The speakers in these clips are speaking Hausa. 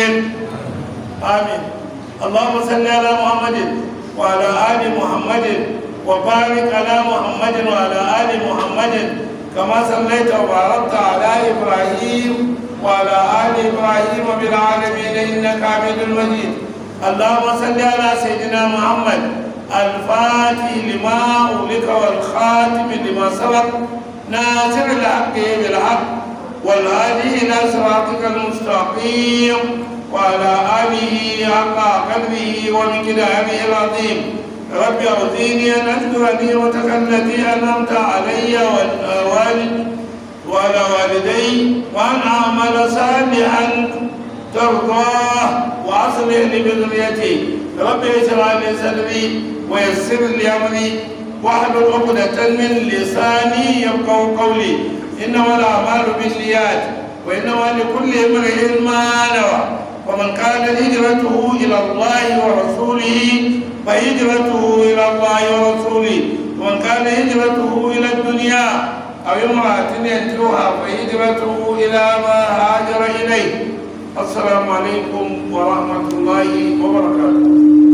سويا آمين اللهم صل على محمد وعلى آل محمد وبارك على محمد وعلى آل محمد كما صليت وباركت على إبراهيم وعلى آل إبراهيم بالعالمين إنك حميد مجيد اللهم صل على سيدنا محمد الفاتح لما أغلق والخاتم لما سبق ناصر الحق بالحق والهادي إلى صراطك المستقيم وعلى آله حق ومن ومقداره العظيم ربي أعطيني أن أشكر نعمتك التي أنعمت علي وعلى والدي وأن أعمل صالحا ترضاه وأصلح لذريتي ربي اشرح لي صدري ويسر لي أمري واحلل عقدة من لساني يبقى قولي إنما الأعمال بالنيات وإنما لكل امرئ ما نوى ومن كان هجرته إلى الله ورسوله فهجرته إلى الله ورسوله ومن كان هجرته إلى الدنيا أو امرأة يتلوها فهجرته إلى ما هاجر إليه السلام عليكم ورحمة الله وبركاته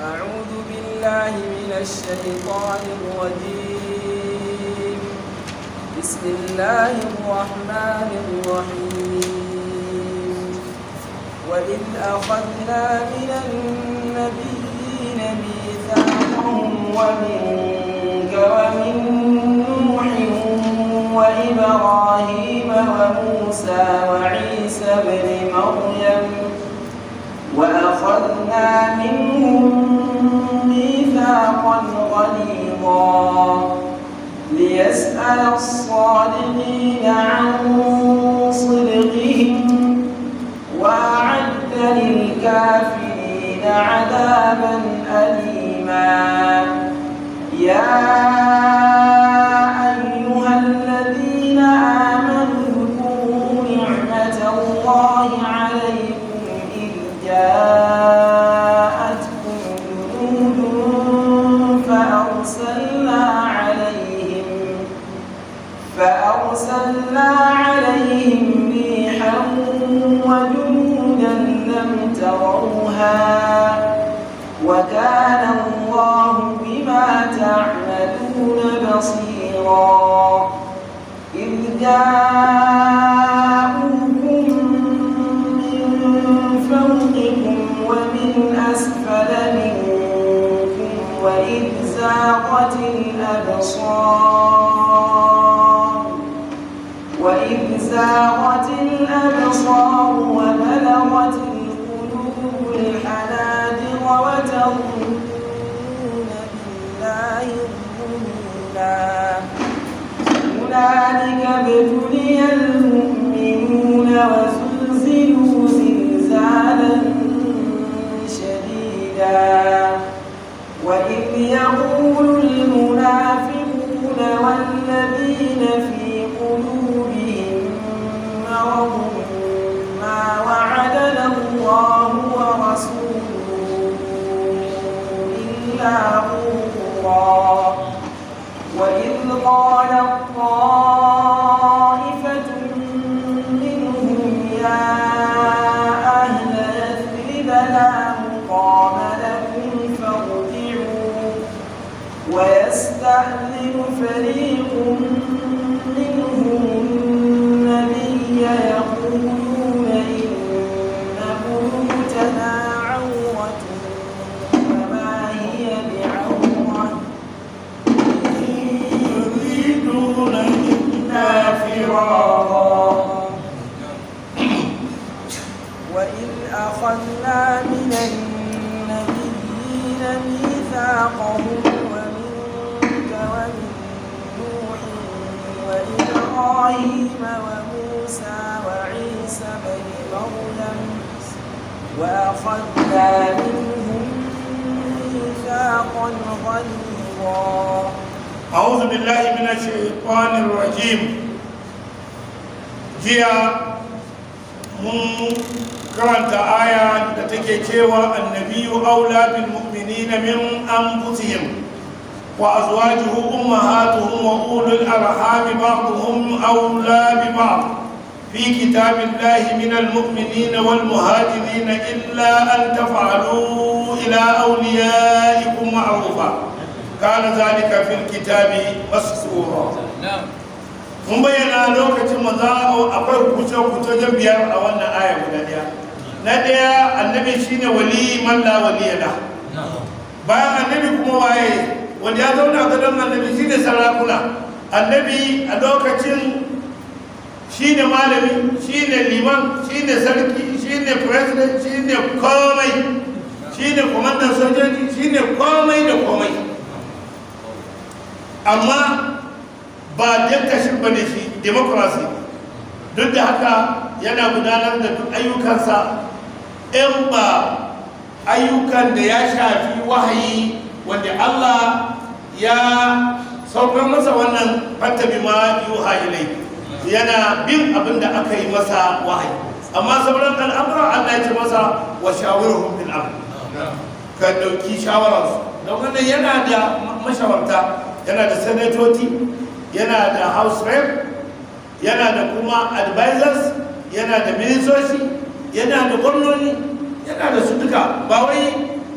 أعوذ بالله من الشيطان الرجيم بسم الله الرحمن الرحيم وإذ أخذنا من النبيين ميثاقهم ومنك ومن نوح وإبراهيم وموسى وعيسى بن مريم وأخذنا منهم ميثاقا غليظا ليسأل الصادقين عن صدقهم وأعد للكافرين عذابا أليما يا وكان الله بما تعملون بصيرا إذ جاءوكم من فوقكم ومن أسفل منكم وإذ زاغت الأبصار وإذ زاغت الأبصار الأدنى هنالك ابتلي المؤمنون وسوء jiya mun karanta aya da take cewa annabiyu aula bil mu'minina min anfusihim wa azwajuhu ummahatuhum wa ulul arham ba'dhum aula bi ba'd fi kitabillahi min al mu'minina wal muhajirina illa an taf'alu ila awliyaikum ma'rufa kana dhalika fil kitabi masura na'am mun bayyana lokacin maza akwai kuce-kuce jan biyar a wannan aya guda daya na daya annabi shine wali man la da bayan annabi kuma waye wanda ya zauna gadon annabi shine sarakuna annabi a lokacin shine malami shine liman shine sarki shine president shine komai shine kwamandan sojoji shine komai da komai amma ba dictatorship ba ne shi demokurasi duk da haka yana gudanar da duk ayyukansa in ba ayyukan da ya shafi wahayi wanda Allah ya saukar masa wannan fattabi ma yuha ilai yana bin abin da aka yi masa wahayi amma sauran amuran Allah ya ce masa wa shawarar fil abu ka dauki shawararsu don wannan yana da mashawarta yana da sanatoci yana da house rep yana da kuma advisors yana da ministoci yana da gwamnoni yana da su duka ba wai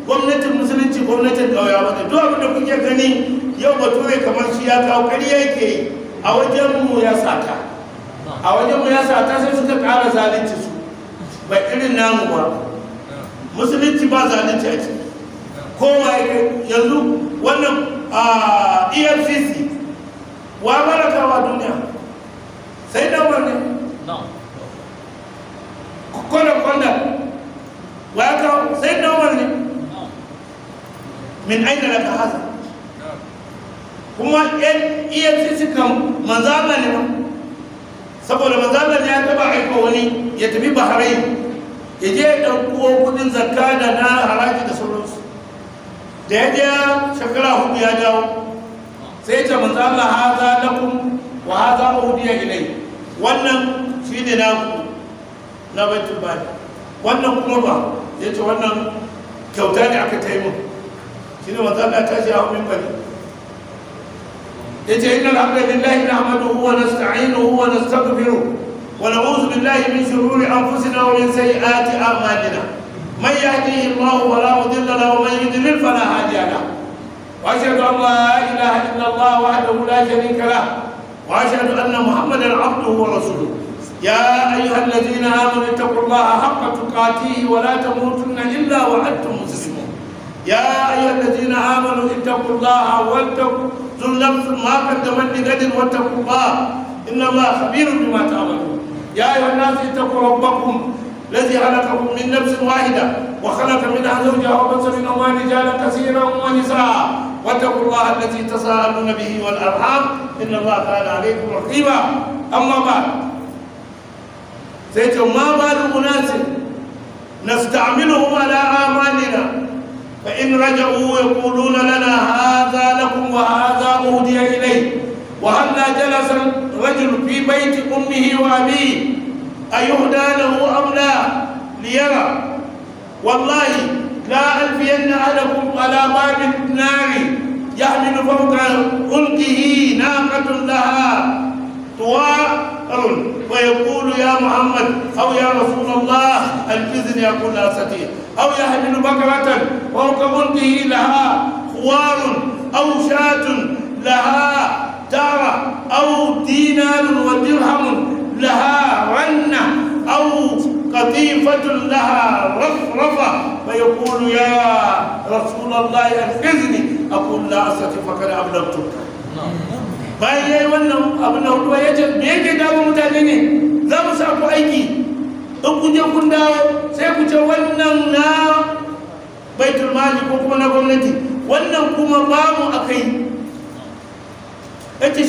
gwamnatin musulunci gwamnatin ƙauya ba duk abin da kuke gani yau ba ture kamar shi ya kawo ƙarya yake yi a wajen mu ya sata a wajen mu ya sata sai suka ƙara zalunci su ba irin namu ba musulunci ba zalunci a ciki kowa yanzu wannan ah, efcc wa malaka wa duniya sai da umar ne code of conduct wa ka sai da umar ne min aina laka hasa kuma yan efcc kan manzala ne saboda manzala ne ya taba aiko wani ya tafi bahrain ya je ya ɗauko kudin zakka da na haraji da sauransu da ya je shekara hudu ya dawo sai ce manzo Allah haza lakum wa haza udiya ilai wannan shine naku na baitul bali wannan kuma ba yace wannan kyauta ne aka taimu shine manzo Allah ta shi a min bali yace inna alhamdulillahi nahmaduhu wa nasta'inuhu wa nastaghfiruh wa na'udhu billahi min shururi anfusina wa min sayyiati a'malina من يهديه الله فلا مضل له ومن يضلل فلا هادي له واشهد ان لا اله الا الله وحده لا شريك له واشهد ان محمدا عبده ورسوله يا ايها الذين امنوا اتقوا الله حق تقاته ولا تموتن الا وانتم مسلمون يا ايها الذين امنوا اتقوا الله ولتنظر نفس ما قدمت لغد واتقوا الله ان الله خبير بما تعملون يا ايها الناس اتقوا ربكم الذي خلقكم من نفس واحدة وخلق منها زوجها وبث الله رجالا كثيرا ونساء واتقوا الله الذي تساءلون به والأرحام إن الله كان عليكم رقيبا أما بعد سيدي ما بال أناس نستعملهم على أعمالنا فإن رجعوا يقولون لنا هذا لكم وهذا أهدي إليه وهلا جلس الرجل في بيت أمه وأبيه أيهدى له أم لا ليرى والله لا ألفين أحدكم على باب النار يحمل فوق عنقه ناقة لها طوار ويقول يا محمد أو يا رسول الله أنقذني أقول لا أستطيع أو يحمل بكرة فوق عنقه لها خوار أو شاة لها دار أو دينار ودرهم لها رنة أو قطيفة لها رفرفة فيقول يا رسول الله أنقذني أقول لا أستطيع فقد أبلغتك bayan wannan me yake mutane ne za mu sa ku aiki in je kun dawo sai ku ce wannan na baitul mali ko kuma na gwamnati wannan kuma bamu akai yace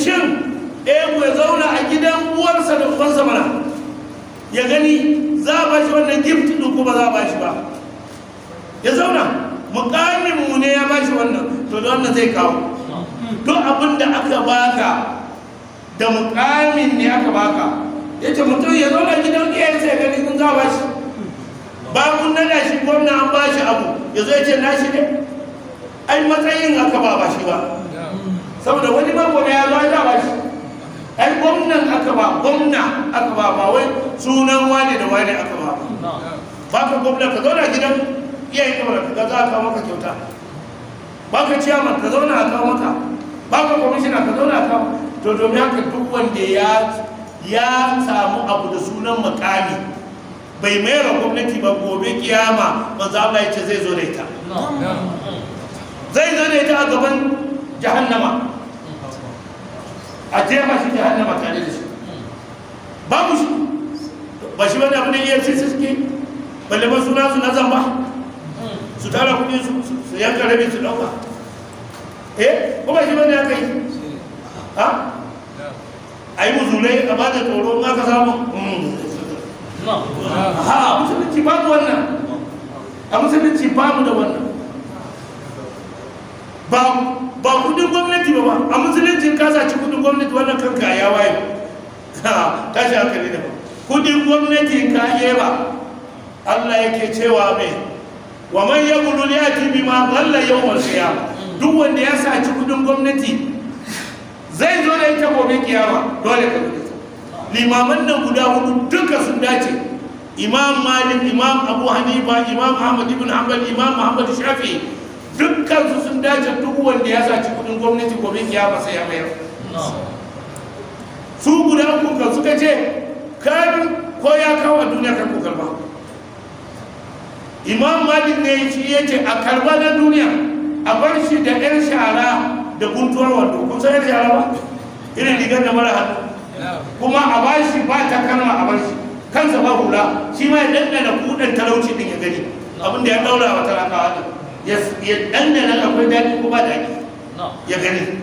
Ebu eh, ya zauna a gidan uwarsa da ubansa mana ya gani za ba shi wannan gift din kuma za ba shi ba ya zauna mukamin mu ne ya ba shi wannan to da wannan zai kawo to abin da aka baka da mukamin ne aka baka ya ce mutum ya zauna gidan iyayensa ya gani kun za ba shi ba mun nada shi gwamna an ba shi abu ya zo ya ce na shi ne ai matsayin aka ba ba shi ba saboda wani mako ya zo ya ba shi ai gwamnan aka ba gwamna aka ba ba wai sunan wane da wane aka ba ba ka gwamna ka zauna gidan iyayen kamar ka za ka maka kyauta ba ka ciyaman ka zauna a maka ba ka kwamishina ka zauna a kawo to domin haka duk wanda ya ya samu abu da sunan makami bai mayar gwamnati ba gobe kiyama manzo Allah ya ce zai zo da ita zai zo da ita a gaban jahannama a jefa shi jahannama tare da shi mu shi ba shi wani abu da iya cikin suke balle ba suna su na zamba su tara kudi su yanka rabe su dauka eh ko ba shi wani aka yi ha a yi musulai a ba da tsoro ma ka samu hmm. ha a musulunci ba mu wannan a musulunci ba mu da wannan ba mu ba kudin gwamnati ba ba a musulunci ka saci kudin gwamnati wannan kanka ya waye tashi hankali da ba kudin gwamnati ka yi ba Allah yake cewa mai wa man yaqulu li ati bima dhalla yawm al-qiyam duk wanda ya saci kudin gwamnati zai zo da ita gobe kiyama dole ka kudi limaman nan guda hudu duka sun dace imam malik imam abu hanifa imam ahmad ibn hanbal imam muhammad shafi'i dukkansu sun dace duk wanda ya saci kudin gwamnati gobe kiyama sai ya mayar su guda kuka suka ce karin ko ya kawo a duniya kan kuka ba imam malik ne shi ya ce a karba na duniya a bar shi da yan shara da guntuwar wando kun san yan shara ba irin rigar da mara hannu kuma a ba shi ba ta kalma a bar shi kansa ba hula shi ma ya dandana kudin talauci din ya gani abinda ya daura wa talakawa din ya dandana akwai daki ko ba daki ya gani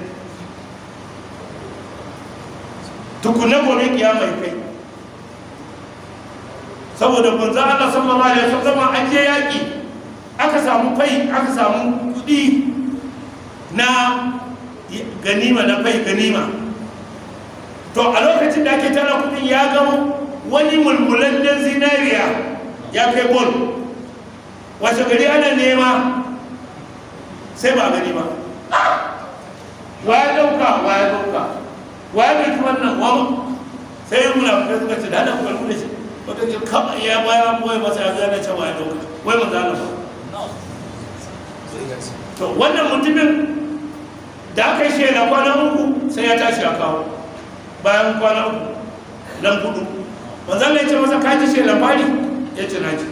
tukunan gobe kiyama ya kai saboda banzan Allah sallallahu alaihi wasallam an je yaki aka samu fai aka samu kudi na ganima na fai ganima to a lokacin da ake tara kudin ya ga wani mulmulan dan zinariya ya kai bol wasu gari ana nema sai ba gani ba wa ya dauka wa ya dauka wa ya dauki wannan wani sai yin fita suka ce da ana kuma da shi wata ce kama ya baya boye masa ya zana ce wa ya dauka wai ba zana ba to wannan mutumin da aka shi na kwana uku sai ya tashi a kawo bayan kwana uku nan hudu manzan ya ce masa kaji shi fari ya ce naji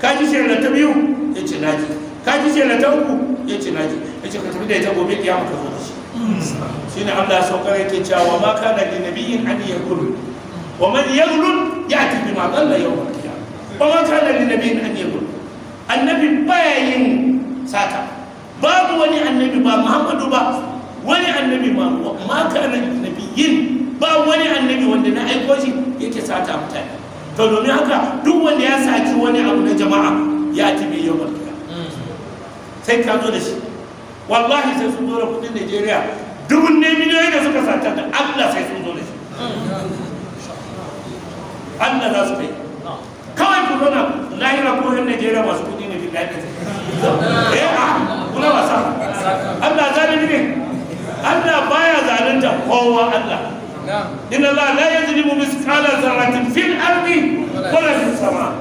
kaji shi ta biyu ya ce naji kaji shi ta uku ya ce naji ya ce ka tafi da ita gobe kiyama ka zo da shi shine Allah saukar yake cewa ma kana li nabiyyin an yakul wa man yaglul ya'ti bima dalla yawm al-qiyamah wa ma kana li nabiyyin an yakul annabi baya yin sata babu wani annabi ba Muhammadu ba wani annabi ma ma kana li nabiyyin ba wani annabi wanda na aiko shi yake sata mutane to domin haka duk wanda ya saci wani abu na jama'a ya tafi yawm sai ka zo da shi wallahi sai sun zo da kudin Najeriya dubun ne miliyoyi da suka sata da Allah sai sun zo da shi Allah za su kai kawai ku zona lahira ko yan Najeriya masu kudi ne billahi ne eh a ah, kula wasa Allah zalimi ne Allah baya zalunta kowa Allah إن الله لا يظلم مثقال ذرة في الأرض ولا في السماء.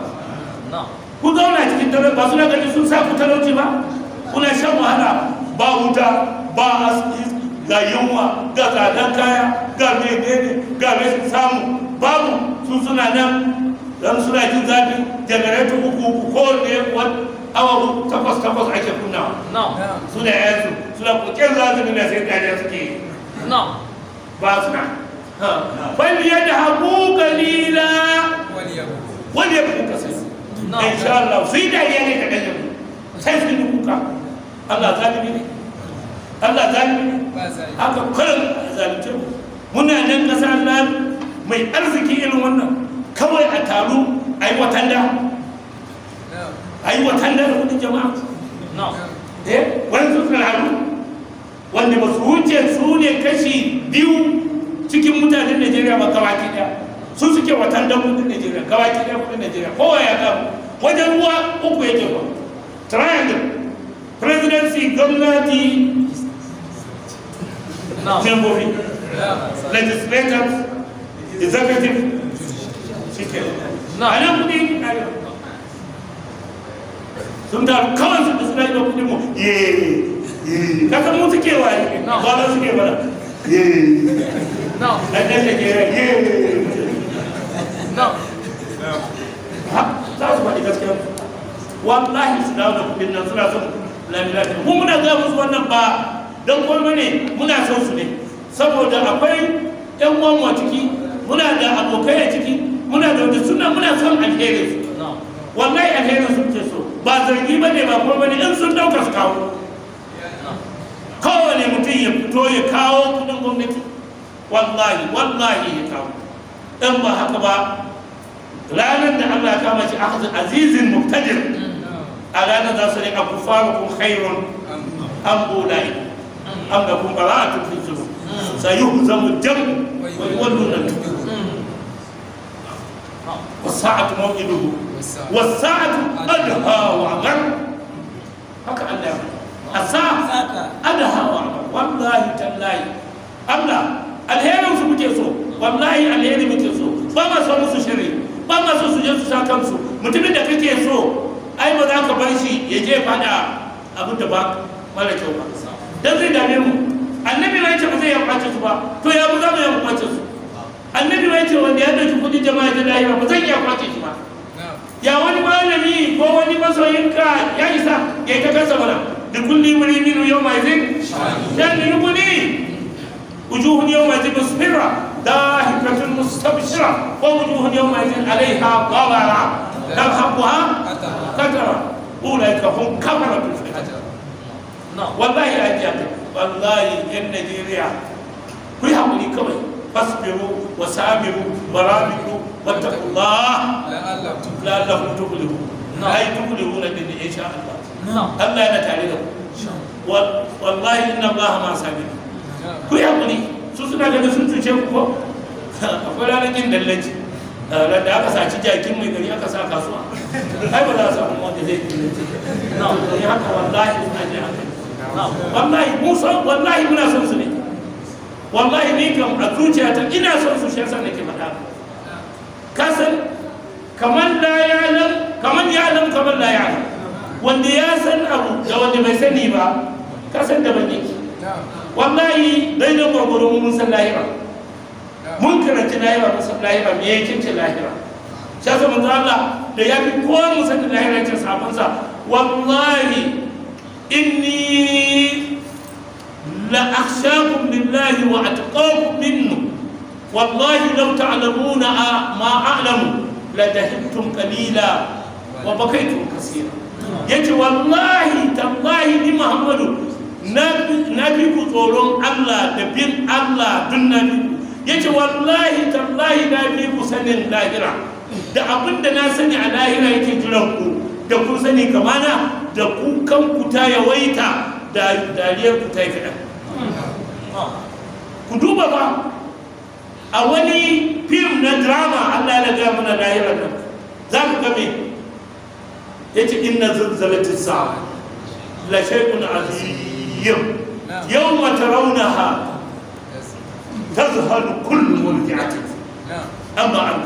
نعم. كل دولة تكتب بس sun تجلس ساكت تلوتي ما. kuna shan wahala ba wuta ba asibiti ga yunwa ga tsadar kaya ga menene ga rashin samu babu su suna nan don suna jin zafi janareto uku uku kowane awa takwas takwas ake kunnawa suna yansu suna kokin zafi da sai kariya suke yi ba suna bal yadda haku kalila wani ya kuka sai in sha Allah sai dariya ne ta ɗanyen sai su yi kuka Allah zalimi ne Allah zalimi ne haka kullum a zalunce mu muna nan ƙasa Allah mai arziki irin wannan kawai a taru a yi watanda a yi watanda da kudin jama'a eh wani sun haru wanda ba su wuce su ne kashi biyu cikin mutanen najeriya ba gabaki ɗaya su suke watanda kudin najeriya gabaki ɗaya kudin najeriya kowa ya gabu wajen ruwa uku yake ba triangle presidency gwamnati jamhuri legislators executive shike a nan kudi sun da kawai su suna yi da kudi mu ye kasan mu suke wa ne ba da suke ba ye dan dan da kera ye ha za su faɗi gaskiya wallahi su lamilafi mu muna ga musu wannan ba don kuma ne muna son su ne saboda akwai yan uwan a ciki muna da abokai a ciki muna da wanda suna muna son alherin su wallahi alherin su ke so ba zargi ba ne ba kuma ne in sun ɗauka su kawo kowane mutum ya fito ya kawo kudin gwamnati wallahi wallahi ya kawo in ba haka ba ranar da allah ya kama shi azizin muktadir mm. a ranar za su ne a kufaru kun khairun an bulayi an da kun bala a tukin jiru sayu zamu jam wannan nan tukin wasa'atu mawqiduhu wasa'atu adha wa agar haka Allah ya asaka adha wa agar wallahi tallahi Allah alherin su muke so wallahi alheri muke so ba ma so musu shiri ba ma so su je su sa kansu mutumin da kake so ai ba za ka bar shi ya je faɗa abin da ba mara kyau ba dan zai dame mu annabi ya ce ba zai ya kwace su ba to ya ba za mu ya kwace su annabi ya ce wanda ya dauki kudin jama'a ta lahira ba zai iya kwace shi ba ya wani malami ko wani masoyinka ya isa ya ta kasa mana da kulli muri minu yau mai zin dan ni kuni wujuhun yau mai zin musfira dahikatun mustabshira wa wujuhun yau mai zin alaiha qawara تلحقها قدرا أولئك هم كفرة الفجر wallahi najeriya ku yi fasbiru wa dallaci ran eh, da aka saci jakin mai gari aka sa kasuwa ai ba za a samu wanda zai kimanci na wani eh, haka wallahi ina ji haka wallahi musa wallahi muna son su ne wallahi ni kam a ta ina son su shi yasa nake faɗa kasan kamar da ya lam kamar ya lam kamar da ya wanda ya san abu da wanda bai sani ba kasan da ban yake wallahi dai da gwagwaro mun san lahira mun karanci lahira mun san lahira me yake ce lahira sai yasa manzo Allah da ya fi ko mun san lahira ce sabon sa wallahi inni la akhshakum billahi wa atqakum minhu wallahi law ta'lamuna ma a'lamu la dahibtum qalila wa bakaytum kaseera yace wallahi tallahi ni muhammadu na fi ku tsoron Allah da bin Allah dun na ku. ya ce wallahi tallahi na fi ku sanin lahira da abin da na sani a lahira yake jiran ku da kun sani kamana da kukan ku ta yawaita da dariyar ku ta yi kaɗan ku duba ba a wani fim na drama allah ya laga mana lahira nan za ku game ya ce inna zalzalatin sa'a la shaikun azim yau mata raunaha تذهل كل مرجعة أما أنت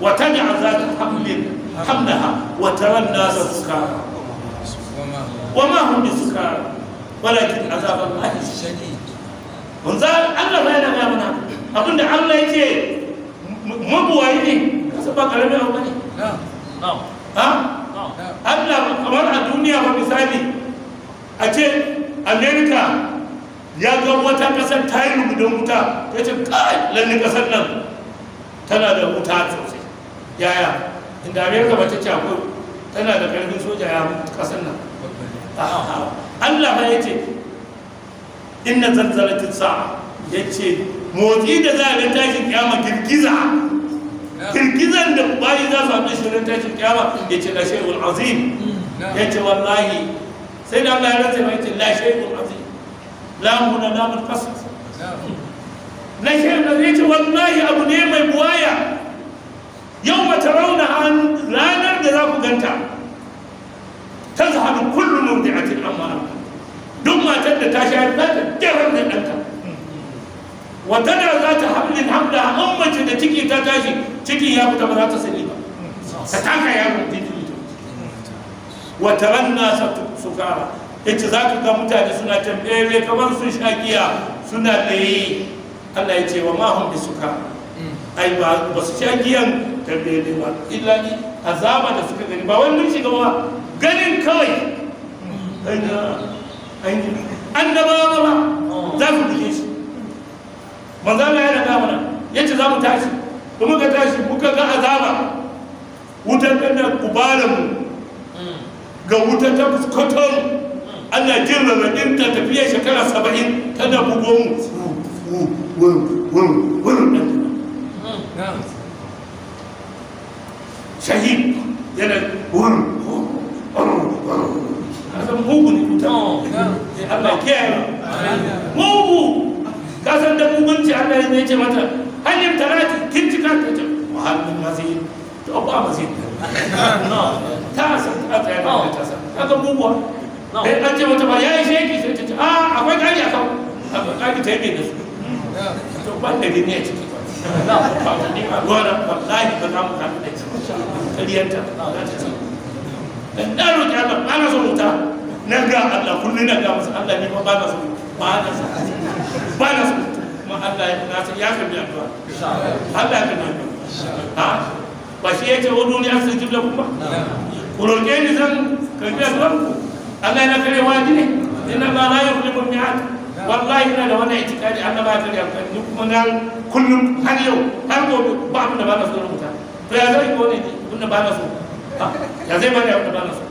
وتدع ذات حمل حملها وترى الناس سكارى وما هم بسكارى ولكن عذاب الله شديد wanzar Allah ba yana gaya mana abinda Allah yake mabuwayi ne kasa ba karami abu bane ha Allah kamar a duniya a misali a ce ya ga wata kasar ta yi rubudan wuta ya ce kai lalle kasar nan tana da wuta sosai yaya inda amerika ba ta ce akwai tana da karfin soja ya kasar nan allah ma ya ce inna zalzalatin sa'a ya ce motsi da za a ga tashin kyama girgiza girgizan da bayi za su haɗu shirin tashin kyama ya ce lashe ul'azim mm. ya ce wallahi sai da allah ya rantsa mai ce lashe ul'azim lamu na namun kasar nakir da zai ce wallahi abu ne mai buwaya yau mata rauna an ranar da za ku ganta ta zahabi kullum murdi a cikin amma duk matar da ta shayar za ta jarar da ɗanta wata da za ta hamlin hamda an mace da ciki ta tashi cikin ya fita ba za ta sani ba ta taka yaron titi wata ran nasa sukara yace za ka ga mutane suna tambere kamar sun sha giya suna tsaye Allah ya ce wa ma hum bisuka ai ba ba su sha giyan tambere ba illa ni azaba da suka gani ba wani shiga ba ganin kawai an da ba ba za ku buge shi manzo Allah ya raga mana yace za mu tashi kuma ga tashi kuka ga azaba wutar da kubalan ga wutar ta fuskotar ana jin ramadin ta tafiya shekara saba'in tana bugo mu shahid yana wurin kasan bugu ne kuta Allah kiyaye mugu kasan da mugunci Allah ne ce mata hanyar talati ta ce muhallin masiri ta ba masiri ta san ta ta sai eh, an ce mata ma ya yi sheki sai ta ce a ah, akwai ƙari a kan ƙari ta yi mai nasu to ban da ne a ciki ba ta ne ma ba za mu da za ta dan roƙi Allah ba na so wuta nan ga Allah nan ga musu Allah ne ba na so ba na so ba na so kuma Allah ya ya biya Allah ya biya ba shi ya ce duniya sun jibla kuma ku roƙe ni zan Allah yana kare wani ne inna ba la yukhliqu al-mi'ad wallahi ina da wannan itikadi Allah ba ta da kuma na kullum har yau har gobe ba abin da ba na so rubuta to ya zai ko ne abin da ba na so ya zai ba ne abin da ba na so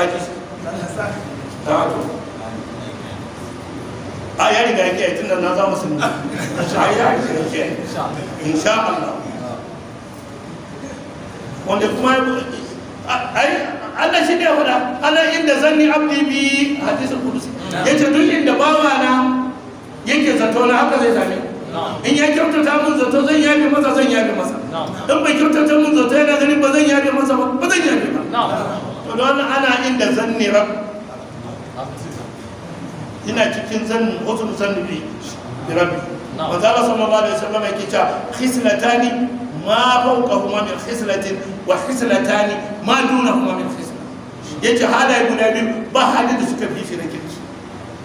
a ji ta to a ya riga yake tun da na za mu a ya riga yake insha Allah wanda kuma ai Allah shi ne huda Allah inda zanni abdi bi hadisul qudsi yace duk inda bawa na yake zato na haka zai same in ya kyautata mun zato zan yafe masa zan yafe masa in bai kyautata mun zato yana ganin ba zan yafe masa ba ba zan yafe ba to don ana inda zanni rab ina cikin zan wasu bi da rabbi manzo Allah sallallahu alaihi wasallam yake cewa khislatani ma fawqahuma min khislatin wa khislatani ma dunahuma min khislatin ya ce halaye guda biyu ba halin da suka fi shi na kirki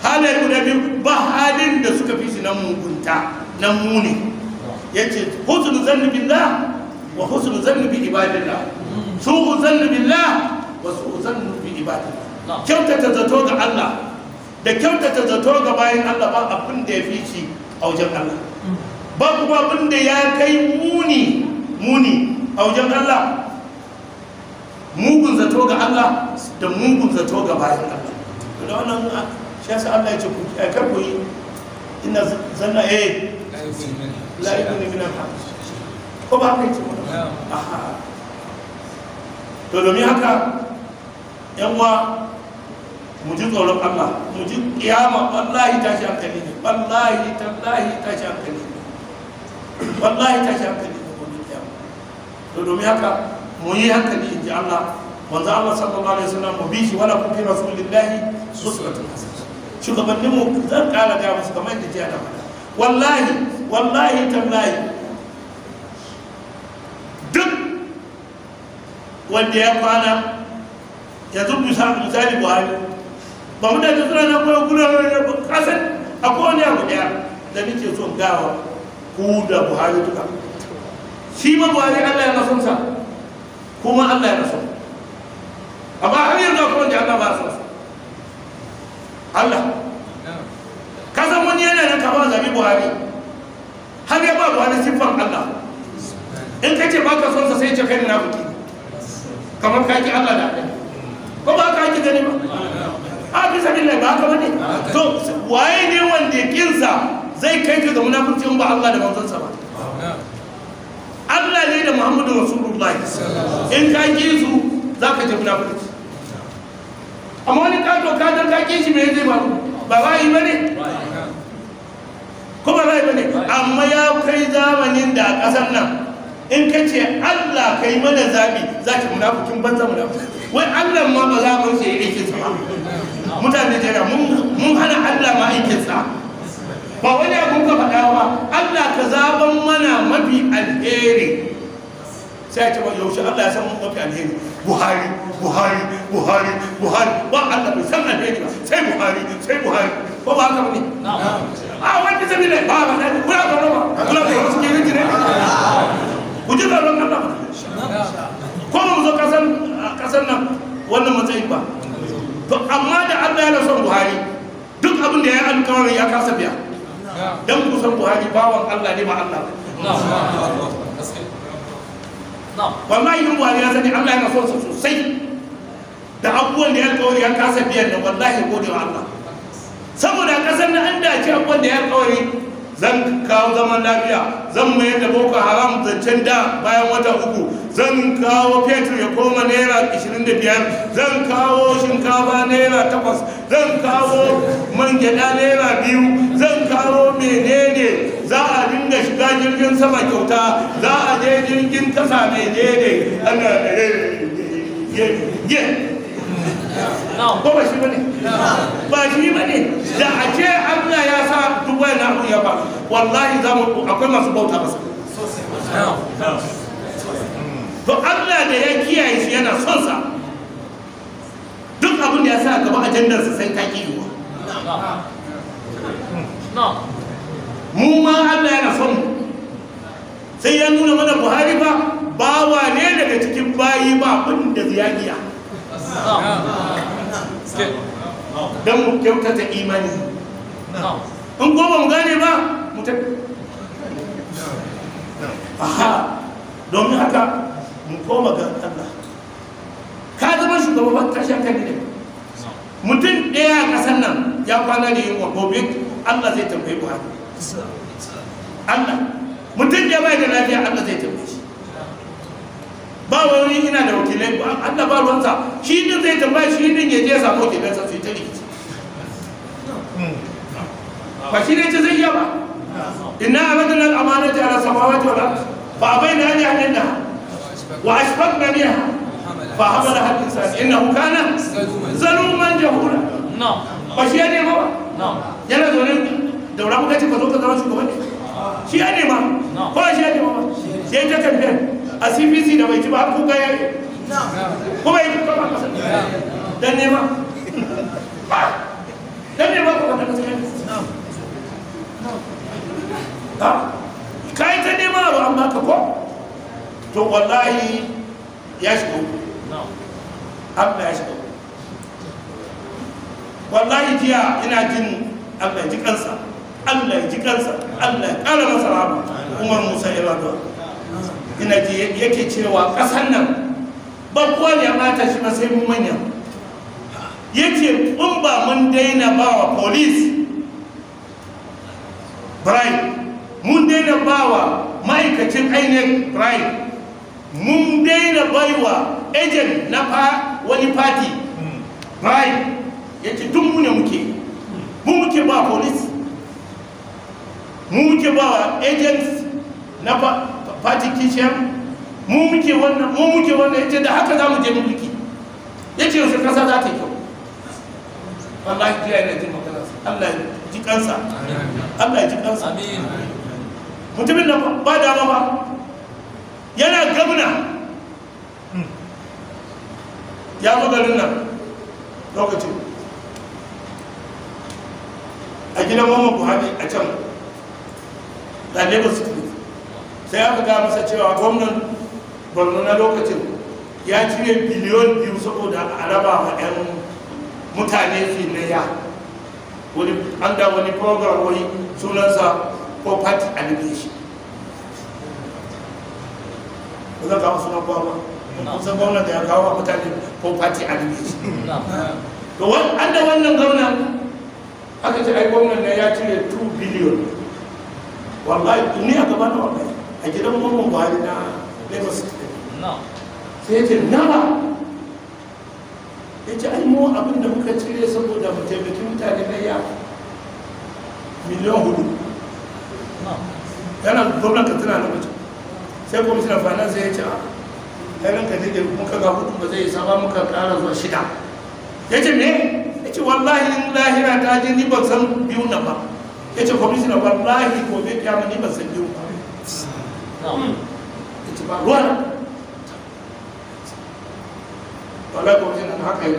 halaye guda biyu ba halin da suka fi shi na mugunta na muni ya ce husnu zannubin la wa husnu zanni bi ibadillah su'u zannubin la wa su'u zannubi bi ibadillah kyautata zato ga Allah da kyautata zato ga bayan Allah ba abin da ya fi shi a wajen Allah mm. ba kuma abin da ya kai muni muni a wajen Allah mugun zato ga Allah da mugun zato ga bayan Allah da wannan shi yasa Allah ya ce ku kai kar ku yi inna zanna eh la ilaha min al ko ba kai ce aha to domin haka yan uwa mu ji tsoron Allah mu ji kiyama wallahi shi hankali ne wallahi tallahi shi hankali ne wallahi shi hankali ne ko kiyama to domin haka Mun yi hankali in Allah wanzu Allah sallallahu alaihi wasallam mu bi shi wala kun fi rasulillahi usratun hasana shugabannin mu zan kara ga musu kamar yadda jiya da wallahi wallahi tallahi duk wanda ya kwana yanzu misali buhari ba mu da suna na kuma gudanar kasar a kowane abu daya da nake son gawa ku da buhari duka shi ma buhari allah ya son kuma Allah ya son amma har yanzu akwai kuma Allah ba son Allah ka san wani yana nan kama zabi Buhari har ya ba Buhari siffar Allah in ka ce ba ka son sa sai ce kai na buki kamar ka ki Allah da ko ba ka ki gani ba a bisa billahi ba ka bane to waye ne wanda ya kinsa zai kai ka ga munafurci in ba Allah da manzon sa ba Allah ne da Muhammadu Rasulullah in ka su za ka ji munafurci amma wani kato kajar dan ka shi me zai faru ba ba ra'ayi bane ko ba ra'ayi bane amma ya kai zamanin da a ƙasar nan in ka ce Allah ka yi mana zabi za ki munafukin banza munafukin wai Allah ma ba za mu yi aikinsa ba mutane jira mun hana Allah ma aikinsa ba wani abu ka faɗa ba Allah ka zaban mana mafi alheri sai ce ba yaushe Allah ya san mun mafi alheri Buhari Buhari Buhari Buhari ba Allah bai san alheri ba sai Buhari sai Buhari ba ba haka bane a wani zabi ne ba ba ne kula da roma kula da wasu kirin ne ku ji tsaron Allah ko ba mu zo kasan nan wannan matsayin ba to amma da Allah ya son Buhari duk abin da ya yi alƙawarin ya kasa biya dan ku san buhari bawan allah ne ma allah wallahi yin buhari ya sani allah yana son sa sosai da abubuwan da ya alkawari ya kasa biyan da wallahi gode allah saboda kasar na an dace abubuwan da ya zan kawo zaman lafiya zan mayar da boko haram da can da bayan wata uku zan kawo fetur ya koma naira 25 zan kawo shinkafa naira 8 zan kawo man gyada naira biyu zan kawo menene za a dinga shiga jirgin sama kyauta za a je jirgin kasa menene ana eh, eh, eh, ko ba shi ne ba shi ne da a ce Allah ya sa duk na ya ba wallahi za mu akwai masu bauta masa to Allah da ya kiyaye shi yana son sa duk abin da ya sa gaba ajandar sai ta kiyuwa mu ma Allah yana son mu sai ya nuna mana Buhari ba bawa ne daga cikin bayi ba abin da ya don mu kyautata imani in goma mu gane ba mu ta aha domin haka mu koma ga Allah ka zama shugaban kashin kan ne mutum ɗaya a ƙasar nan ya kwana da yin gobe Allah zai tambayi buhari Allah mutum ɗaya bai da lafiya Allah zai tambaye shi ba wani ina da wakilai ba Allah ba ruwansa shi din zai tambaya shi din ya je ya samu sa su yi ta rikici ba shi ne ce zai iya ba inna abadana al-amanati ala samawati wal ardh fa abaina an yahdanna wa ashfaqna minha fa hamalaha al-insan innahu kana zaluman jahula ba shi ne ba yana zaune daura muka ce ka zo ka zama shugaban ne shi ne ma ko shi ne ma sai ta kamfen a cpc da bai ci ba ku kuka ya yi kuma yi ba dan nema dan nema kuka da kuka ka yi ta nema abu amma ka ko to wallahi ya shigo Allah ya shigo wallahi jiya ina jin Allah ya ji kansa Allah ya ji kansa Allah ya kara masa Umar Musa Ibrahim ina ji yake cewa ƙasan nan ba kowa ne ta shi ba sai mun manya yace in ba mun daina ba wa police bright mun daina ba wa ma'aikacin ainihin bright mun daina baiwa agent na wani party bribe yace tun mu ne muke mu muke ba police mu muke ba wa agents na fati kishiyar mu muke wannan mu muke wannan yace da haka za mu je mu biki yace yaushe kasa za ta yi kyau wallahi jiya na jin magana Allah ya ji kansa Allah ya ji kansa mutumin da ba da ba yana gabna ya magarin nan lokaci a gidan mamman buhari a can da lagos city sai aka ga masa cewa gwamnan borno na lokacin ya cire biliyon biyu saboda a raba wa 'yan mutane filaya wani an da wani program wani sunansa ko party alleviation ko zan kawo suna kuwa ba kusan gwamnan da ya kawo a mutane poverty alleviation to an da wannan gwamnan aka ce ai gwamnan ne ya cire 2 biliyon wallahi ni a gaba na wallahi a gidan mamman buhari na lagos sai ya ce nawa ya ce ai mu abin da muka cire saboda mu taimaki mutane na ya miliyan hudu yana gwamnan ka tana na mace sai fana sai ya ce a ah, yanar ka daidai muka ga hudu ba zai saba muka kara zuwa shida ya ce ne ya ce wallahi lahira ta je ni ban san biyu na ba ya ce kwamishinan wallahi gobe ni ban san biyu ba Oh. ta ba ruwan wala haka yi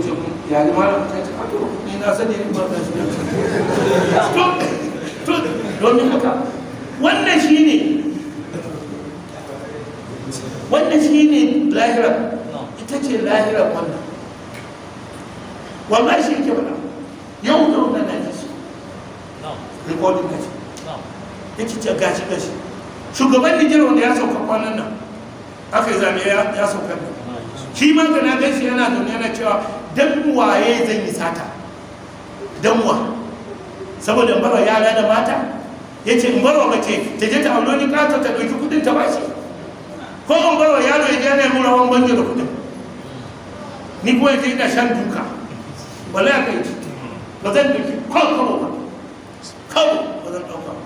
ce ya ta na sani shi haka wannan shine wannan ita ce lahira wannan wallahi shi yake faɗa yau da wannan na ji su ya ci ce gashi gashi shugaban nijar wanda ya sauka kwanan nan aka yi zane ya sauka da shi ma ga na gashi yana zaune yana cewa dan waye zan yi sata dan wa saboda in barwa yara da mata ya ce in barwa mace ta je ta aulo ni kato ta ɗauki kuɗin ta bashi ko in barwa yaro ya je yana yi mura wani banjo da kuɗin ni kuma ya je ina shan duka wala ya kai ba zan ɗauki kawo kawo ba kawo ba zan ɗauka ba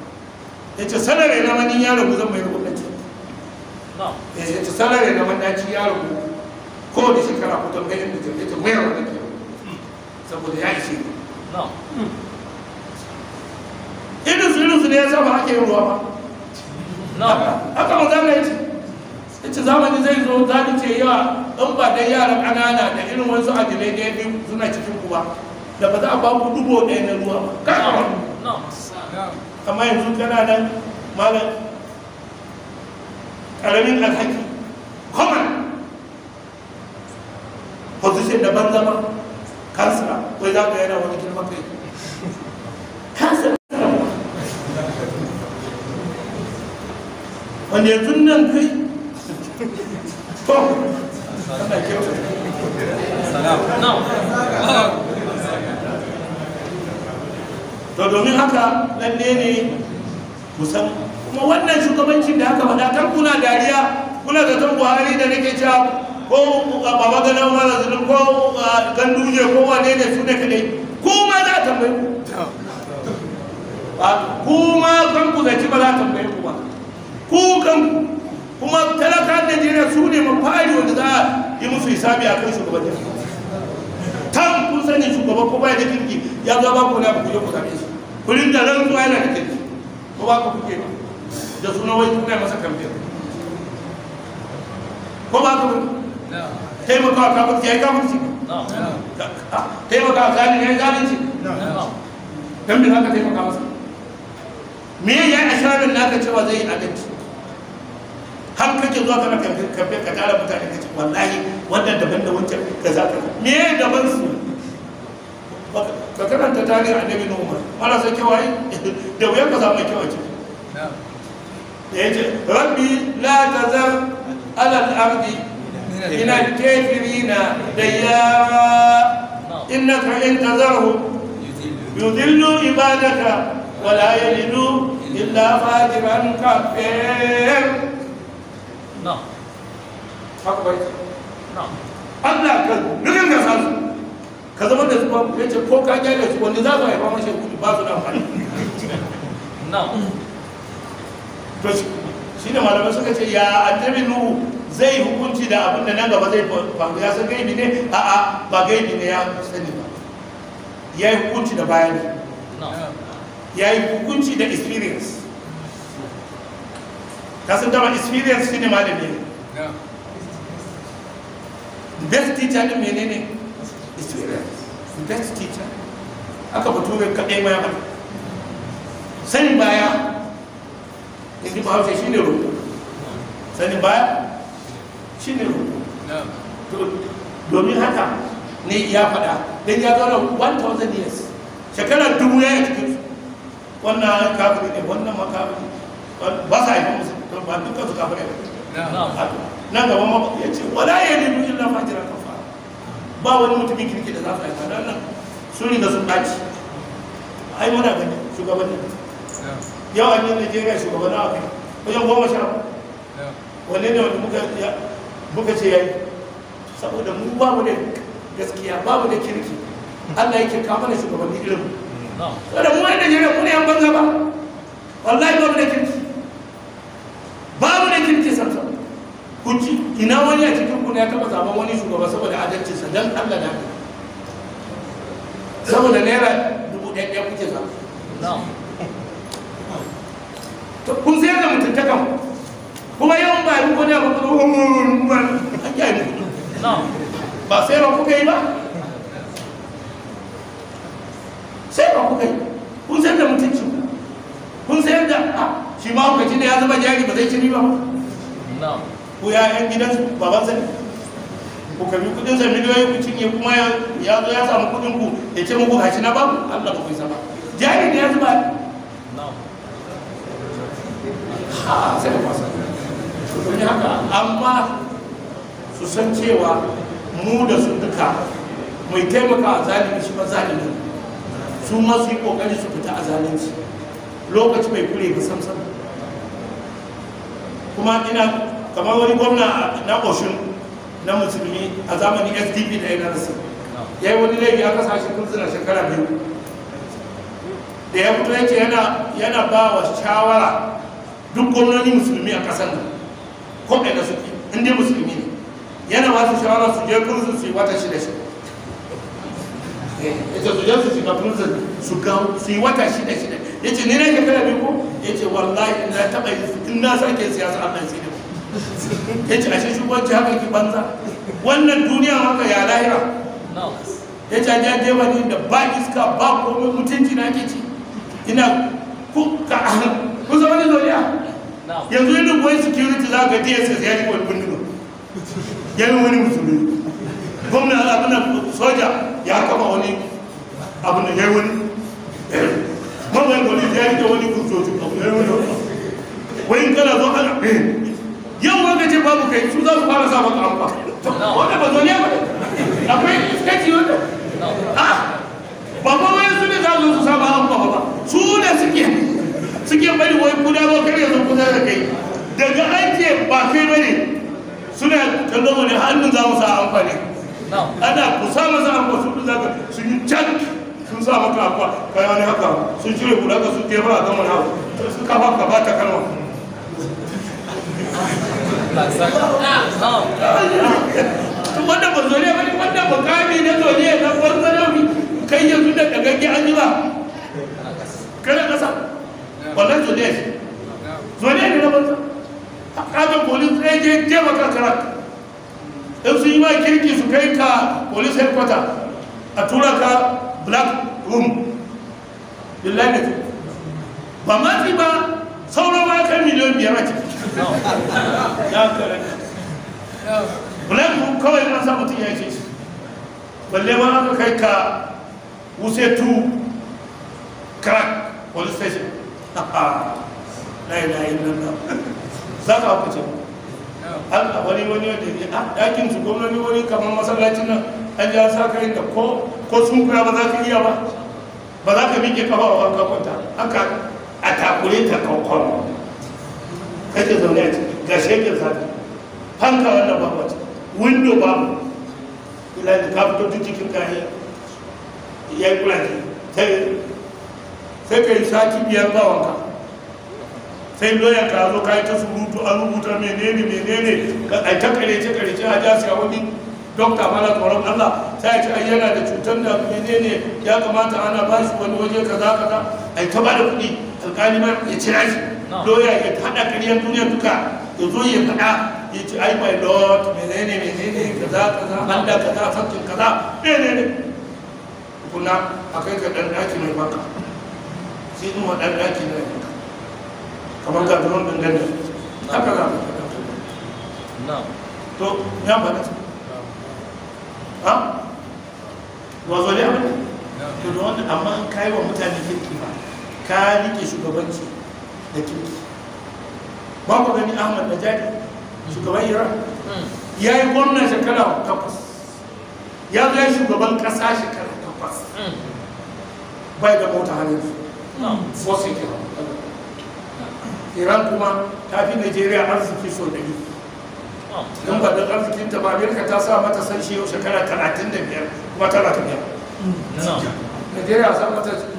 ya ce salare na wani ya rabu zan mai gwamnati ya ce salare na wani ya rabu ko da shekara ko don ganin da jirgin ta mai wani saboda ya ishe ne irin su irin su ne ya saba ake yin ruwa ba haka ma zama ya ce ya ce zamani zai zo zaɗi ce yawa in ba dai yara ƙanana da irin wasu adilai da ya suna cikin kuwa da ba za a ba ku dubo ɗaya na ruwa ba kai a amma yanzu kana nan malam karamin alhaki common position daban zama kansila wai za ka yana wani girma kai kansila wanda yanzu nan kai to ana kyau to domin haka lalle ne kusan kuma wannan shugabancin da haka faɗa kan kuna dariya kuna da kan buhari da nake cewa ko baba gana mara zulum ko ganduje ko wane ne su ne kadai ko ma za a tambaye ku ku ma kan ku zaci ba za a tambaye ku ba ku kan kuma talaka da jira su ne mafari wanda za a yi musu hisabi a kan shugabancin tan kun sani shugaban ko ba ya da kirki ya zaba ku na ku je ku same shi kullum da rantsuwa yana kake ko ba ku kuke ba da suna wai kuna masa kamfen ko ba ku taimakawa kafin ya yi taimaka taimakawa zalin ya yi zalin don bin haka taimaka masa me ya yi na naka cewa zai yi adalci har kake zuwa kana kamfen ka tara mutane ka ce wallahi wannan daban da wancan ka za ka me daban su ka karanta tarihin annabi na umar marasa kyau ai da wuyan ka samu kyau da ya ce rabbi la zar alal ardi min al kafirina dayyara innaka in tazarhu yudillu ibadaka wa yalidu illa fajiran kafir na'am Allah ka zama da su ba ya ce ko ka gyara su wanda za su haifa mashi gudu ba su da amfani to shi ne malamai suka ce ya annabi nuhu zai hukunci da abin da nan gaba zai faru ya san gaibi ne a a ba gaibi ne ya sani ba ya yi hukunci da bayani ya yi hukunci da experience ka san dama experience shi ne malami ne best teacher ne menene is to teacher aka bature kaɗai ma ya faɗi sanin baya in ba bahaushe shi roƙo sanin baya shi roƙo domin haka ne ya faɗa don ya zauna 1000 years shekarar dubu ya yi cikin wannan kafin ne wannan makafin ba sa yi musu ba dukkan su kafin ne nan gaba ma ya ce wala ya ne duk illa fajira kafin ba wani mutumin kirki da za su aika don nan sun riga sun ɓaci ai muna gani shugabanni yau an yi najeriya shugaban a afirka wajen goma sha wani ne wani muka ce ya yi saboda mu ba mu da gaskiya ba mu da kirki allah yake kama da shugabanni irin saboda mu wani najeriya mu ne yan banza ba wallahi ba mu da kirki ba mu da kirki sansa kuci ina wani a cikin mun ya taɓa zaben wani shugaba saboda adalcinsa don Allah da haka saboda naira dubu ɗaya ɗaya kuke zaɓa kun sai da mutuntaka kuma yau ba ni wani abu kuma umar ake yi mutu ba sai oh, oh, oh, ba kuka yi ba sai ba kuka yi kun sai da mutunci kun sai da ah, shi ma kuka da ya zama jari ba zai ci riba ba ku ya yan gidan babansa ne. ku karbi kudin sa miliyoyi ku cinye kuma ya zo ya samu kudin ku ya ce muku gashi na ba Allah ba kai sa ba jari ne ya zuba ha sai sa kwasa ne haka amma su san cewa mu da su duka mai taimaka a zalimi shi ba zalimi su ma su yi kokari su fita a zalunci lokaci mai kure ba samsam kuma ina kamar wani gwamna na ƙoshin na musulmi a zamanin sdp da nrc ya yi wani laifi aka shi kurzuna shekara biyu da ya fito yake yana ba wa shawara duk gwamnoni musulmi a ƙasar nan ko ɗaya suke inda musulmi ne yana ba su shawara su je kurzun su yi wata shida shi eh, ce su je su shiga kurzun su ga su yi wata shida shida ya ce ni na shekara biyu ko ya ce wallahi na taɓa yi in na sake siyasa allah ya ya ce ashe shugabanci haka ki banza wannan duniya haka ya lahira ya ce ya je wani da ba iska ba komai mutunci na ke ci ina kuka kusa wani zoriya yanzu irin wani security za ka dss ya ji wani bindiga ya yi wani musulmi gwamna abin soja ya kama wani abin da ya yi wani mamayin wani ya yi da wani kusurci abu ya yi wani wani kana zo ana babu kai su za su fara sa maka amfa wanda ba zo ne ba akwai wanda a ba ba wai su ne za su su saba amfa ba su ne suke suke bari wai kuda ba kai da kai daga ce ba kai ba ne suna kallon wani hannun za mu sa amfa ne ana kusa masa amfa su za ka su yi can sun sa maka amfa kayan haka sun shirya guda ka su a kan wani su kafa ka ba ta wannan ba zole ba ne wannan ba kame na zole na farzanawi kai yanzu da dagagge an yi ba kana kasa wannan zole zole ne na banza a kajan polis ɗaya je taimaka karat in sun yi ma kirki su kai ka polis headquarter a tura ka black room billahi ba ma ba sauran ma kai miliyan biyar a ciki ya kare black kawai ma sa mutum ya ce shi balle ma aka kai ka wuse tu crack police station la nan illallah za ka ku ce Allah wani wani wanda ya a ah, ɗakin su gwamnati wani kamar masallacin nan an an sa kai da ko ko sun kura ba za ka iya ba ba za ka miƙe kafa wa ka kwanta haka a takure ta kankan kake zaune a ga shekin zata fanka wanda babu wata windo babu ila da ka fito duk cikin kayan ya yi kulaje sai ka yi sati biyar ba wanka sai loyan ka zo ka yi ta surutu an rubuta menene menene ka ai ta karece karece a jasi a wani dokta mara tsoron allah sai ce ai yana da cutar da menene ya kamata ana ba shi wani waje kaza kaza ai ta ba da kuɗi tsakani ma ya cira shi lawyer ya faɗa ƙaryar duniya duka ya zo ya faɗa ya ce ai my lord menene menene kaza kaza Allah kaza fakkin kaza menene kuna akai ka dan daki mai baka sai in wa dan daki mai baka kamar ka duron dangane haka za ka faɗa to ya faɗa ha wazo ne abin to da wanda amma an kai wa mutane kirki ba ka rike shugabanci da kirki ba ku gani ahmad najadi shugaban iran hmm. ya yi gwamnan shekara takwas ya zai shugaban kasa shekara takwas hmm. bai da mota hannun su fosil iran kuma ta fi nigeria arziki so da yi don ba da arzikin ta ba amerika ta sa mata san shi yau shekara 35 kuma tana tafiya nigeria sa mata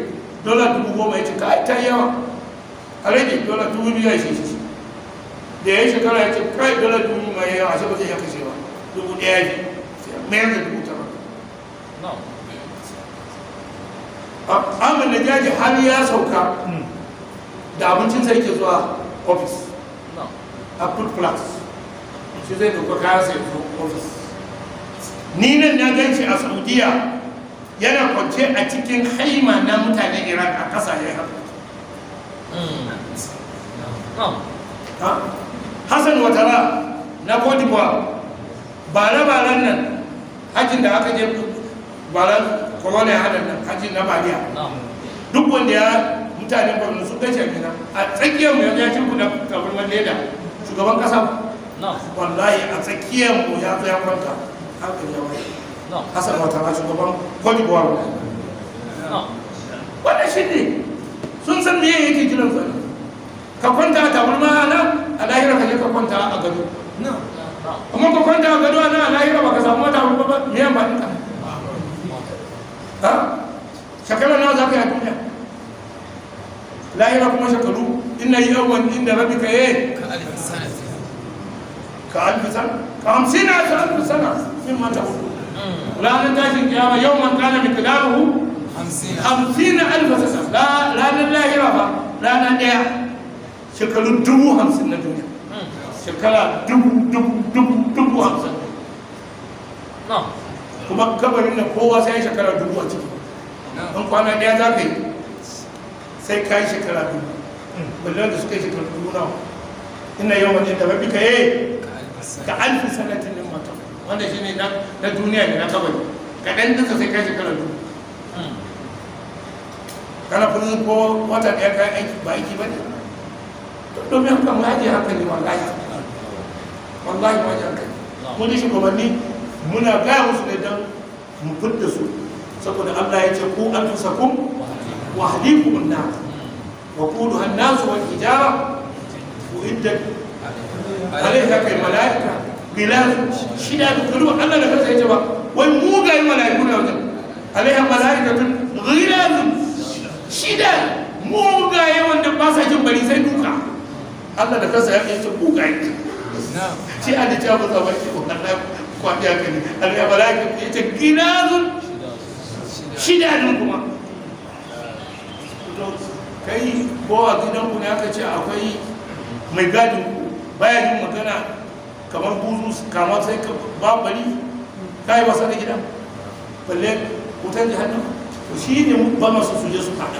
dola dubu goma ya ce kai ta yawa a rage dola dubu biyu ya ishe shi da ya yi shekara ya ce kai dola dubu mai yawa a shaba zai ya kashe ba dubu ɗaya ne mayar da dubu tara amin da jaji hali ya sauka hmm. da abincin sai ke zuwa ofis a put plus shi zai dokar kayan sai zuwa ofis ni nan na gan shi a saudiya yana kwance a cikin haima na mutanen iraq a ya haɗu hassan watara na cote bare-baren nan hajjin da aka je baren corona hadar nan hajjin na baliya duk wanda ya mutane borno sun gace gina a tsakiyar mu ya cin kuɗa tabarman leda shugaban kasa wallahi a tsakiyar mu ya zo ya kwanta hankali ya wani kasar wata shugaban kwalibowar wannan shi ne sun san me yake jiran zane ka kwanta a tabarma a nan a lahira ka je ka kwanta a gado kuma ka kwanta a gado a nan a lahira ba ka samu wata abu ba me yan ka shekara nawa za ka yi a duniya lahira kuma shekaru inna yi awon inda rabi ka yi ka alfi sana ka hamsin a ta alfi sana min mata hudu ranar tashin kiyama yau man kana miqdaruhu 50 alf sana ranar lahira ba rana daya shekaru dubu hamsin na duniya shekara dubu dubu dubu dubu hamsin kuma kabarin da kowa sai shekara dubu a ciki in kwana daya za ka yi sai ka yi shekara dubu kullum da suka yi shekaru dubu nawa ina yawan da babi ka yi eh, ka alfi sanatin wanda shi ne na duniya ne na kawai kaɗan dinsa sai kai shekarar duk kana kullum ko wata ɗaya kayan aiki ba aiki ba ne domin haka mu haji hankali wallahi wallahi mu haji hankali mun yi shugabanni muna gaya musu ne don mu fidda su saboda Allah ya ce ku an tusa ku wa halifu an-nar hmm. wa quduha an-nas wal hijara uiddat alayha yi malaika gilafu shida da kudu Allah da kansa yace ba wai mugayen malaiku ne wajen alaiha malaikatun gilafu shida mugaye wanda ba sa jin bari sai duka Allah da kansa yace mugaye ce a da ta ba zaba ke Allah kwafiya kan alaiha malaikatun yace gilafu shida ne kai ko a ku ne aka ce akwai mai gadin ku baya yin magana kamar buzu kama sai ka ba bari ka yi wasa da gida balle da jihannama to shi ne ba masu suje su fada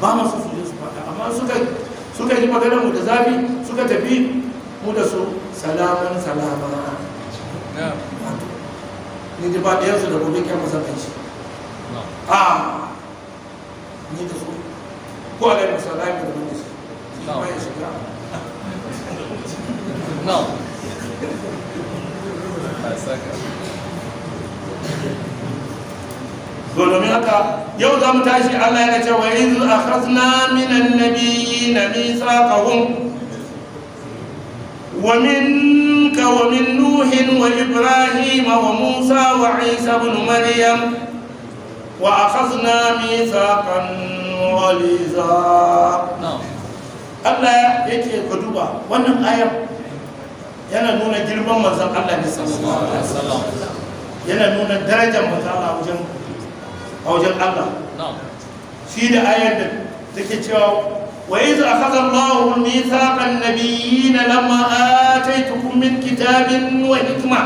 ba masu suje su fada amma suka suka ji maganar mu da zafi suka tafi mu da su salaman salama ni da ba ɗayansu da gobe kyan masa bai a ni da su ko alai masalai da gobe su shi ba ya shiga No. domin haka yau za mu tashi Allah ya yana cewa yanzu a kasna minan nabiyyi na misaqahum wa minka wa min nuhin wa ibrahim wa musa wa isa ibn maryam wa akhadna mithaqan ghaliza Allah ya yake ka duba wannan ayar yana nuna girman manzon Allah ne sallallahu alaihi wasallam yana nuna darajar manzon Allah wajen a wajen Allah shi da ayar da take cewa wa iza وإذ أخذ الله ميثاق النبيين لما آتيتكم من كتاب وحكمة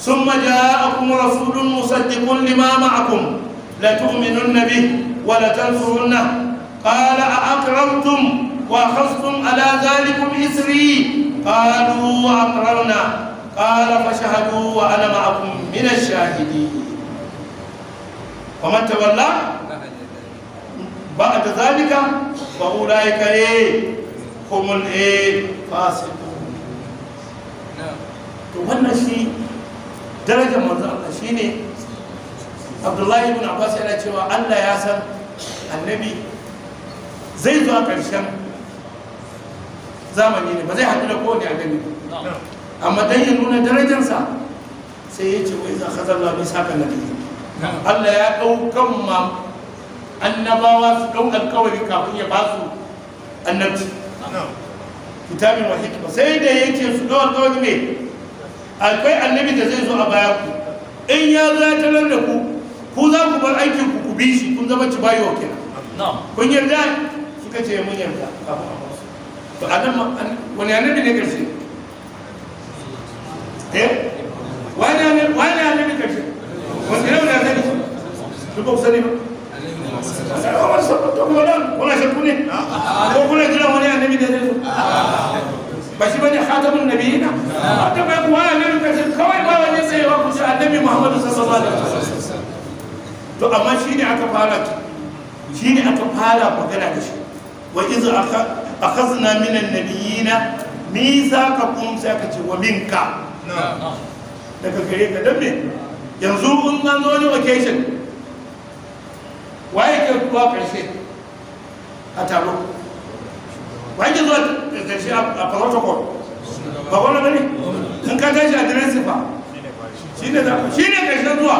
ثم جاءكم رسول مصدق لما معكم لتؤمنن به ولتنصرنه قال أأقررتم وأخذتم على ذلكم إسري قالوا أقررنا قال فشهدوا وأنا معكم من الشاهدين ومن تولى بعد ذلك فأولئك إيه هم الإيه فاسقون to wannan shi darajar manzo Allah shine Abdullahi ibn Abbas yana cewa Allah ya san annabi zai zo a ƙarshen zamani ne ba zai haɗu da kowane annabi ba amma dan ya nuna darajarsa sai ya ce wai za ka zalla bi saka nabi Allah ya ɗaukan ma annabawa su ɗau alkawari kafin ya ba su annabci kitabin wa hikima sai da ya ce su ɗau alkawari ne akwai annabi da zai zo a baya ku in ya zatalar da ku ku za ku bar aikin ku ku bi shi kun zama ci bayo kenan kun yarda suka ce mun yarda to annan wani annabi ne karshe eh wani annabi wani annabi karshe wani ne wani annabi su ba sani ba wani shakku ne ko kuna kira wani annabi da zai ba shi bane khatamun nabiyina hatta ba kuwa annabi karshe kawai ba wani tsayewa ku ce annabi muhammadu sallallahu alaihi wasallam to amma shine aka fara shine aka fara magana da shi wa iz aka akhazna minan nabiyina mithaqakum sai aka ce wa minka daga gare ka dan me yanzu in an zo ni occasion waye ke kuwa karshe a taro waye ke zuwa karshe a protocol ba gwamna bane in ka tashi a dirensi fa shi ne karshen zuwa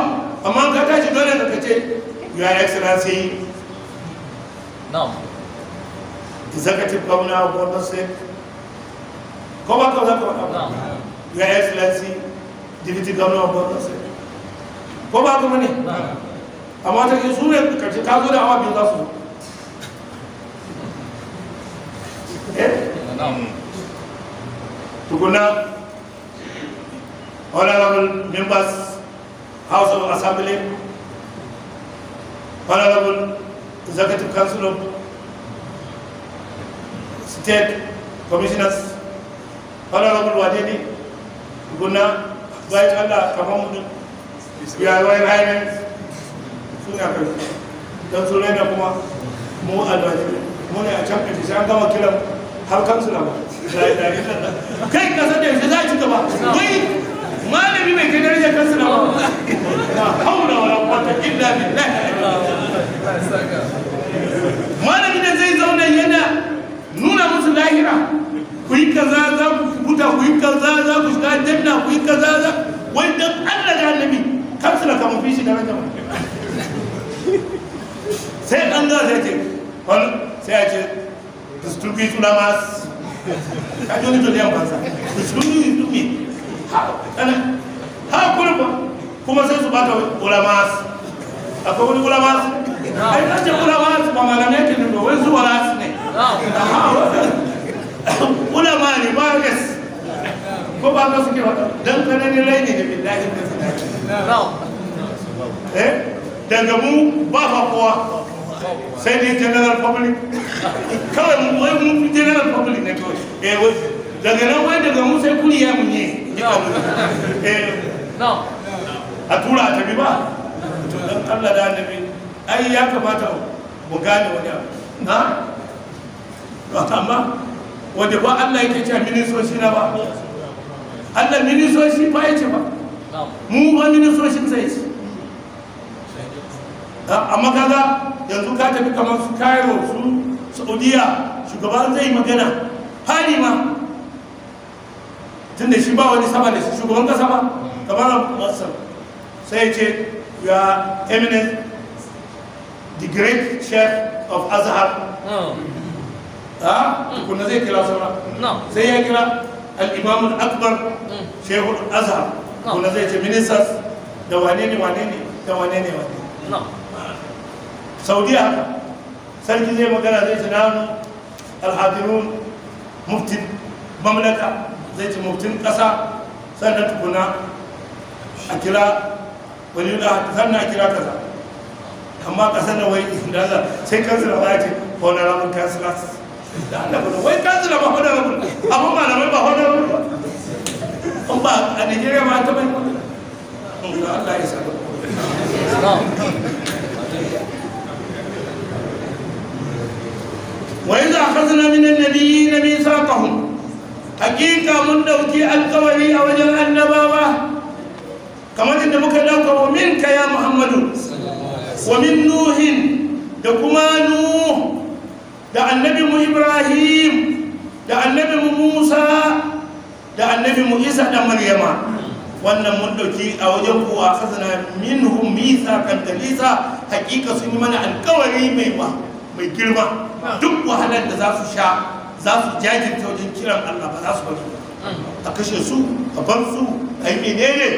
amma ka tashi dole ka Executive Governor of Borno State, come on, come on, come on. No. Your Excellency, Deputy Governor of Borno State. come Ko ba kuma ne? Amma ta ke su ne karshe ta zo da awa biyu za su zo. Tukuna, honorable members, House of Assembly, honorable Executive Council of state commissioners honorable wadini guna bayan allah kamar mutum ya suna don kuma mu almajiri mu ne a can sai an gama kiran har kansu na ba kai kasar da yanzu za a ci gaba wai malami mai kai darajar kansu na ba na haura wa wata illa billahi malami da zai zauna yana nuna musu lahira ku yi kaza za ku huta ku yi kaza za ku shiga janna ku yi kaza za wai dan Allah da annabi kafsula kamu fi fishi da raka sai an ga sai ce wal sai a ce stupid to mas ka ji ni to dai yamma sa stupid to me ha ha kuma kuma sai su bata ulama akwai wani ulama ai kace ulama ba malamai ke ne ba wai su ulama ulama ne ba gas ko ba ka suke wata dan kananin laini da billahi da zinaki eh daga mu ba fa kowa sai dai general public kawai mu wai mu general public ne kawai eh wai daga nan wai daga mu sai kuri ya munye eh. a tura a tabi ba to dan Allah da annabi ai ya kamata mu gane wani abu na amma wanda ba Allah yake cewa ministoci na ba Allah ministoci ba ya ce ba mu ba ministocin sai ce amma kaga yanzu ka tafi kamar su Cairo su Saudiya shugaban zai magana hali ma tun da shi ba wani sama da shi shugaban kasa ba kamar masar sai ce ya eminent the great chef of azhar oh. a kuna zai kira sauran sai ya kira al'imamun akbar shehu azhar kuna zai ce ministers da wane ne da wane ne wane saudiya haka sarki zai magana zai ce nanu alhadirun muftin mamlaka zai ce muftin ƙasa sannan tukuna a kira wani yi sannan a kira kaza amma ƙasar da wai da sai kansu da ba ya ce honorable councilors da Allah ba wai kansila ba hona ba amma malamai ba hona ba an ba a Nigeria ma ta bai mutu Allah ya sa وإذا أخذنا من النبيين ميثاقهم حقيقة من دوتي القوري أو جل النبوة كما إن مكلاك ومنك يا محمد ومن نوح دكما نوح da annabi mu ibrahim da annabi mu musa da annabi mu isa da maryama wannan mun dauki a wajen kuwa a kasana minhum misa kan talisa hakika sun yi mana alkawari mai ba mai girma duk wahalar da za su sha za su jajirta wajen kiran Allah ba za su bari a kashe su a bar su a yi menene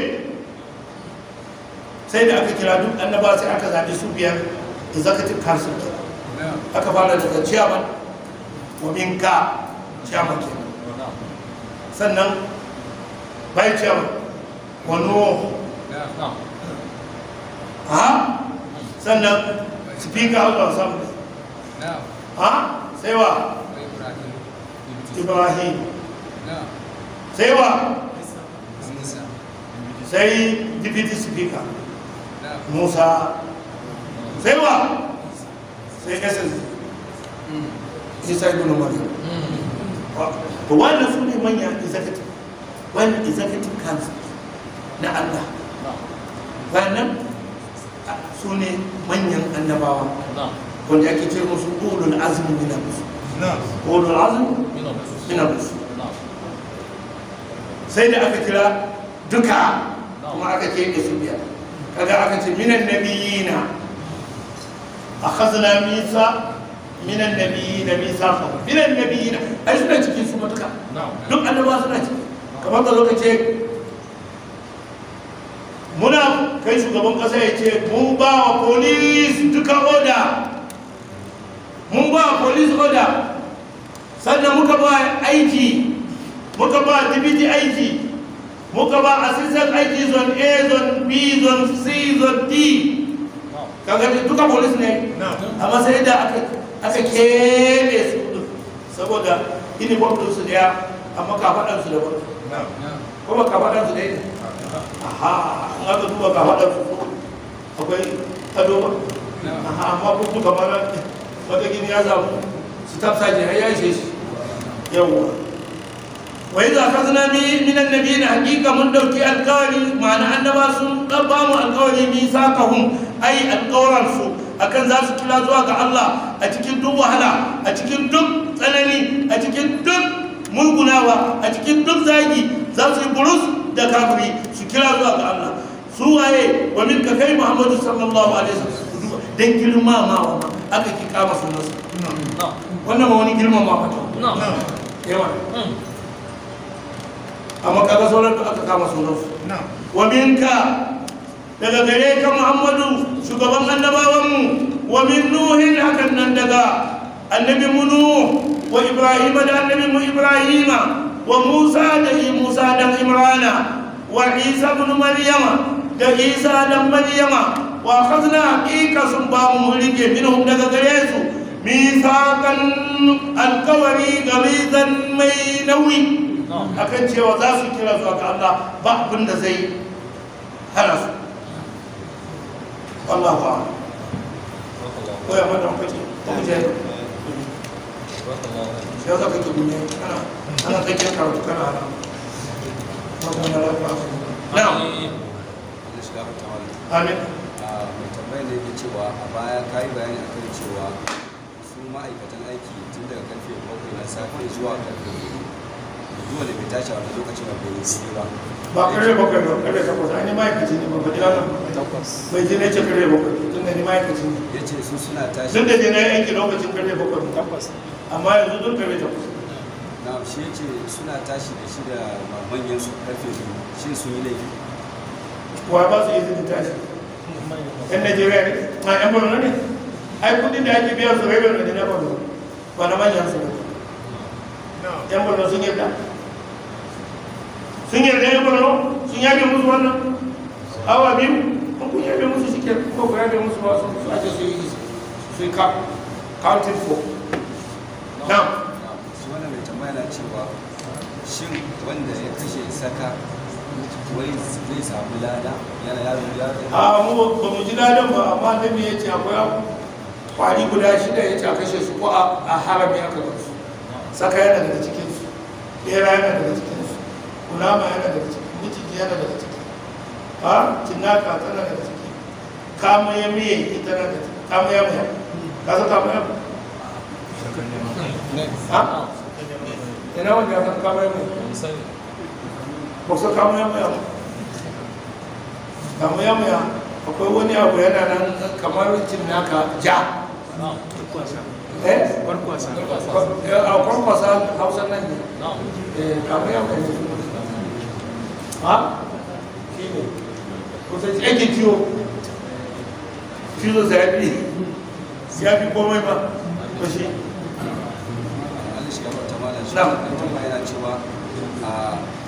sai da aka kira duk annaba sai aka zaɓi su biyar da zakatin kansu aka fara daga ciyaman wa minka ciyaman ke sannan bai ciyaman wa nuhu ha sannan speaker house of assembly ha sai wa ibrahim sai wa sai deputy speaker musa sai wa sai kasan isa ibn maryam to wannan su ne manya executive wannan executive council na Allah wannan su ne manyan annabawa wanda ake ce musu ulul azmi min al-rusul ulul azmi min al-rusul sai da aka kira duka kuma aka ce da su biya kaga aka ce minan nabiyina akhazna misa minan nabiyina misa minan nabiyina ai suna cikin su matuka duk annabawa suna ciki kamar da lokaci muna kai shugaban kasa ya ce mun ba wa polis duka oda mun ba wa polis oda sannan muka ba aiki muka ba dibiti aiki muka aiki a zone b zone c zone d kaga duka polis ne amma sai da aka kebe su din saboda ini din su daya amma kafaɗan su da ba kuma kafaɗan su daya aha in aka duba kafaɗan su akwai ado ba aha amma kuma kamar wata gini ya samu su tafsa ya yashe shi yawwa wa idza akhadna min annabiyina haqiqa mun dauki alqawli ma'ana annaba sun dabba mu alqawli mi sakahum ai alqawlan su akan za su kira zuwa ga Allah a cikin duk wahala a cikin duk tsanani a cikin duk mulgunawa a cikin duk zagi za su yi burus da kafiri su kira zuwa ga Allah su waye wa min ka kai Muhammadu sallallahu alaihi wasallam dan girmamawa aka ki kama sunansa wannan ma wani girmamawa ta yawa amma kaga sauran da aka kama sauran su wa minka daga gare ka muhammadu shugaban annabawan mu wa min nuhin hakan nan daga annabi mu wa ibrahima da annabi mu ibrahima wa musa da musa dan imrana wa isa ibn maryama da isa dan maryama wa khazna ika sun ba mu mulke minhum daga gare su misakan alkawari gamizan mai nauyi akan cewa za su kira zuwa ga Allah ba abin da zai hana su Allah ba ko ya mata kwace ko mu je ta za ka ki gune ana ana kake karatu kana ana ba ku na lafiya na'am amin ah, mai tambayar da yake cewa a baya ka yi bayani a kan cewa su ma'aikatan aiki tun daga karfe bakwai na safe zuwa karfe dole da fita shi a wani lokacin da bai yi ba ba kare bakwai ba kare takwas an yi ma'aikaci ne ba ba jira nan bai je ce kare bakwai tun da ni ma'aikaci ne ya ce su suna tashi tun da je na yanki lokacin kare bakwai takwas amma yanzu dun kare takwas na shi ya ce suna tashi da shi da mamanyan su karfe biyu shi sun yi laifi wa ba su izinin tashi yan najeriya ne na yan borno ne ai kudin da ake biyan su rai borno ne na borno ba na manyan su ba yan borno sun yi da sun yarda ya bano sun yabe musu wannan awa biyu ko kun yabe musu ke ko kun yabe musu ba su aje su yi su yi counted for now su wani mai tambaya cewa shin wanda ya kashe saka wai zai samu lada yana yaro ya a mu ba mu ji ladan ba amma da me yace akwai kwari guda shida yace a kashe su ko a harami aka su saka yana daga cikin su bera yana daga cikin kulama yana daga ciki mijiki yana daga ciki ha cinaka tana daga ciki kama ya miye ita na daga ciki kama ya miye ka san kama ya ha ina ya san kama ya ba kama ya ya akwai wani abu yana nan kamar ja eh? Eh, ha shi ne kusan aikin ciwo cizo sa ya fi ya fi komai ba to shi na yana cewa a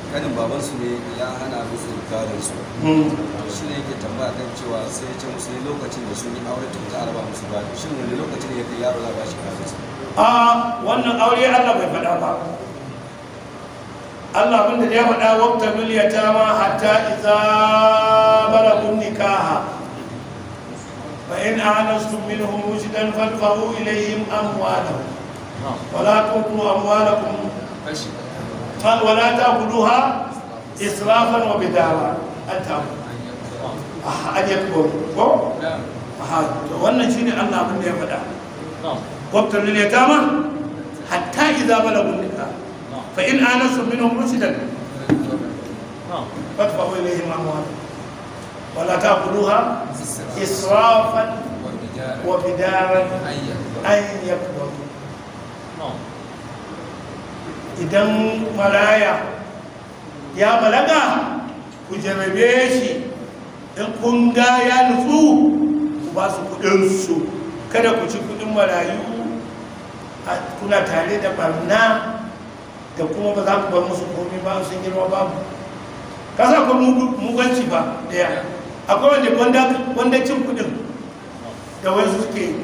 kanin su ne ya hana musu gadon su hmm. shi ne yake tambaya kan cewa sai ya ce musu ne lokacin da sun ne aure tun ta araba musu gadon shi ne lokacin da ya kai yaro za ba shi gadon su a ah, wannan aure Allah bai faɗa ba Allah da ya faɗa wata miliyata ma hatta iza balagun nikaha fa in anastum minhum rushdan fadfa'u ilayhim amwalahum wala tuqulu amwalakum fal wala ta'kuluha israfan wa bidara an ta'kulu an yakbur ko wannan shine Allah abinda ya faɗa wata miliyata ma hatta iza balagun nikaha fa in anasu minhum rushdan fadfa'u ilayhim amwalahum wala ta'khudhuha israfan wa bidaran an yakbaru idan maraya ya balaga ku jarabe shi in kun ga ya nutsu ku basu kuɗinsu. kada ku ci kudin marayu kuna tare da barna da kuma ba za ku bar musu komai ba sun girma babu ka sa ko muganci ba daya akwai wanda gwandacin kudin da wai suke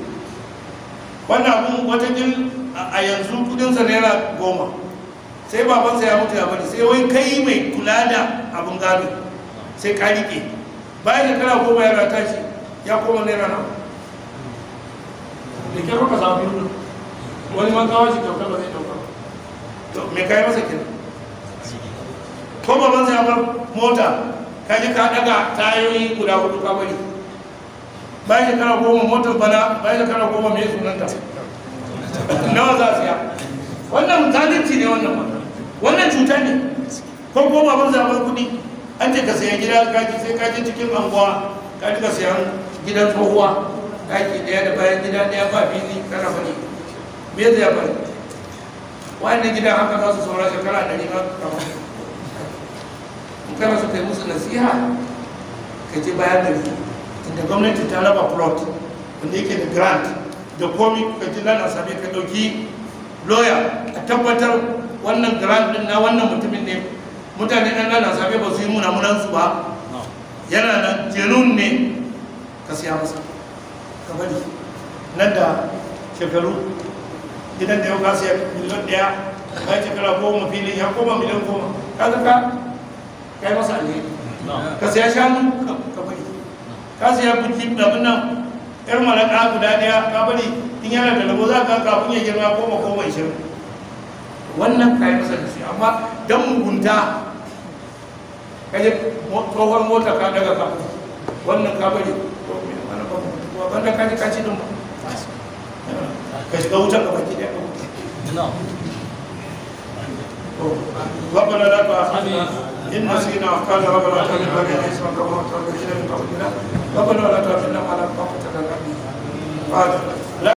wannan abun watakil a yanzu kudin sa naira goma sai babansa ya mutu ya bari sai wai kai mai kula da abun gado sai ka rike bayan kana goma ya rata shi ya koma naira na da kyau ka samu wani man kawo shi kyauta ba zai dauka to me kai masa kin ko ban sai bar mota kaje ka daga tayoyi guda hudu ka bari bayan kana goma motar bana bayan kana goma me sunanta nawa za su ya wannan zalunci ne wannan ma wannan cuta ne ko ko ban sai bar kudi an ce ka sayan gida kaji sai kaji cikin anguwa ka dinga sayan gidan tsohuwa daki daya da bayan gida daya ba fili kana bari me zai ya fani wa'annan gidan haka za su saura shekara ɗari ka kama in kana so kai musu nasiha ka je bayan da su inda gwamnati ta raba plot wanda yake da grant da komi ka ji lana sami ka ɗauki lawyer a tabbatar wannan grant din na wannan mutumin ne mutane ɗan lana sami ba su yi munan su ba yana nan jenun ne ka siya masa ka bari nan da shekaru idan da yau ka siya miliyan ɗaya bayan shekara goma fili ya koma miliyan goma ka ga ka kai masa ne ka siya shanu ka bari ka siya buki da nan yar malaka guda ɗaya ka bari in yana da labo za ka kafin ya girma koma goma ishirin wannan ka yi masa da shi amma dan mugunta ka je tsohon mota ka daga ka wannan ka bari wanda ka ji ka ci din ba ka shiga wutar ka baki daya ربنا لا تؤاخذنا إن نسينا أفكارنا ربنا تغفر لنا إسمك كما تغفر لنا من قبلنا ربنا لا تؤاخذنا على ما قتلنا به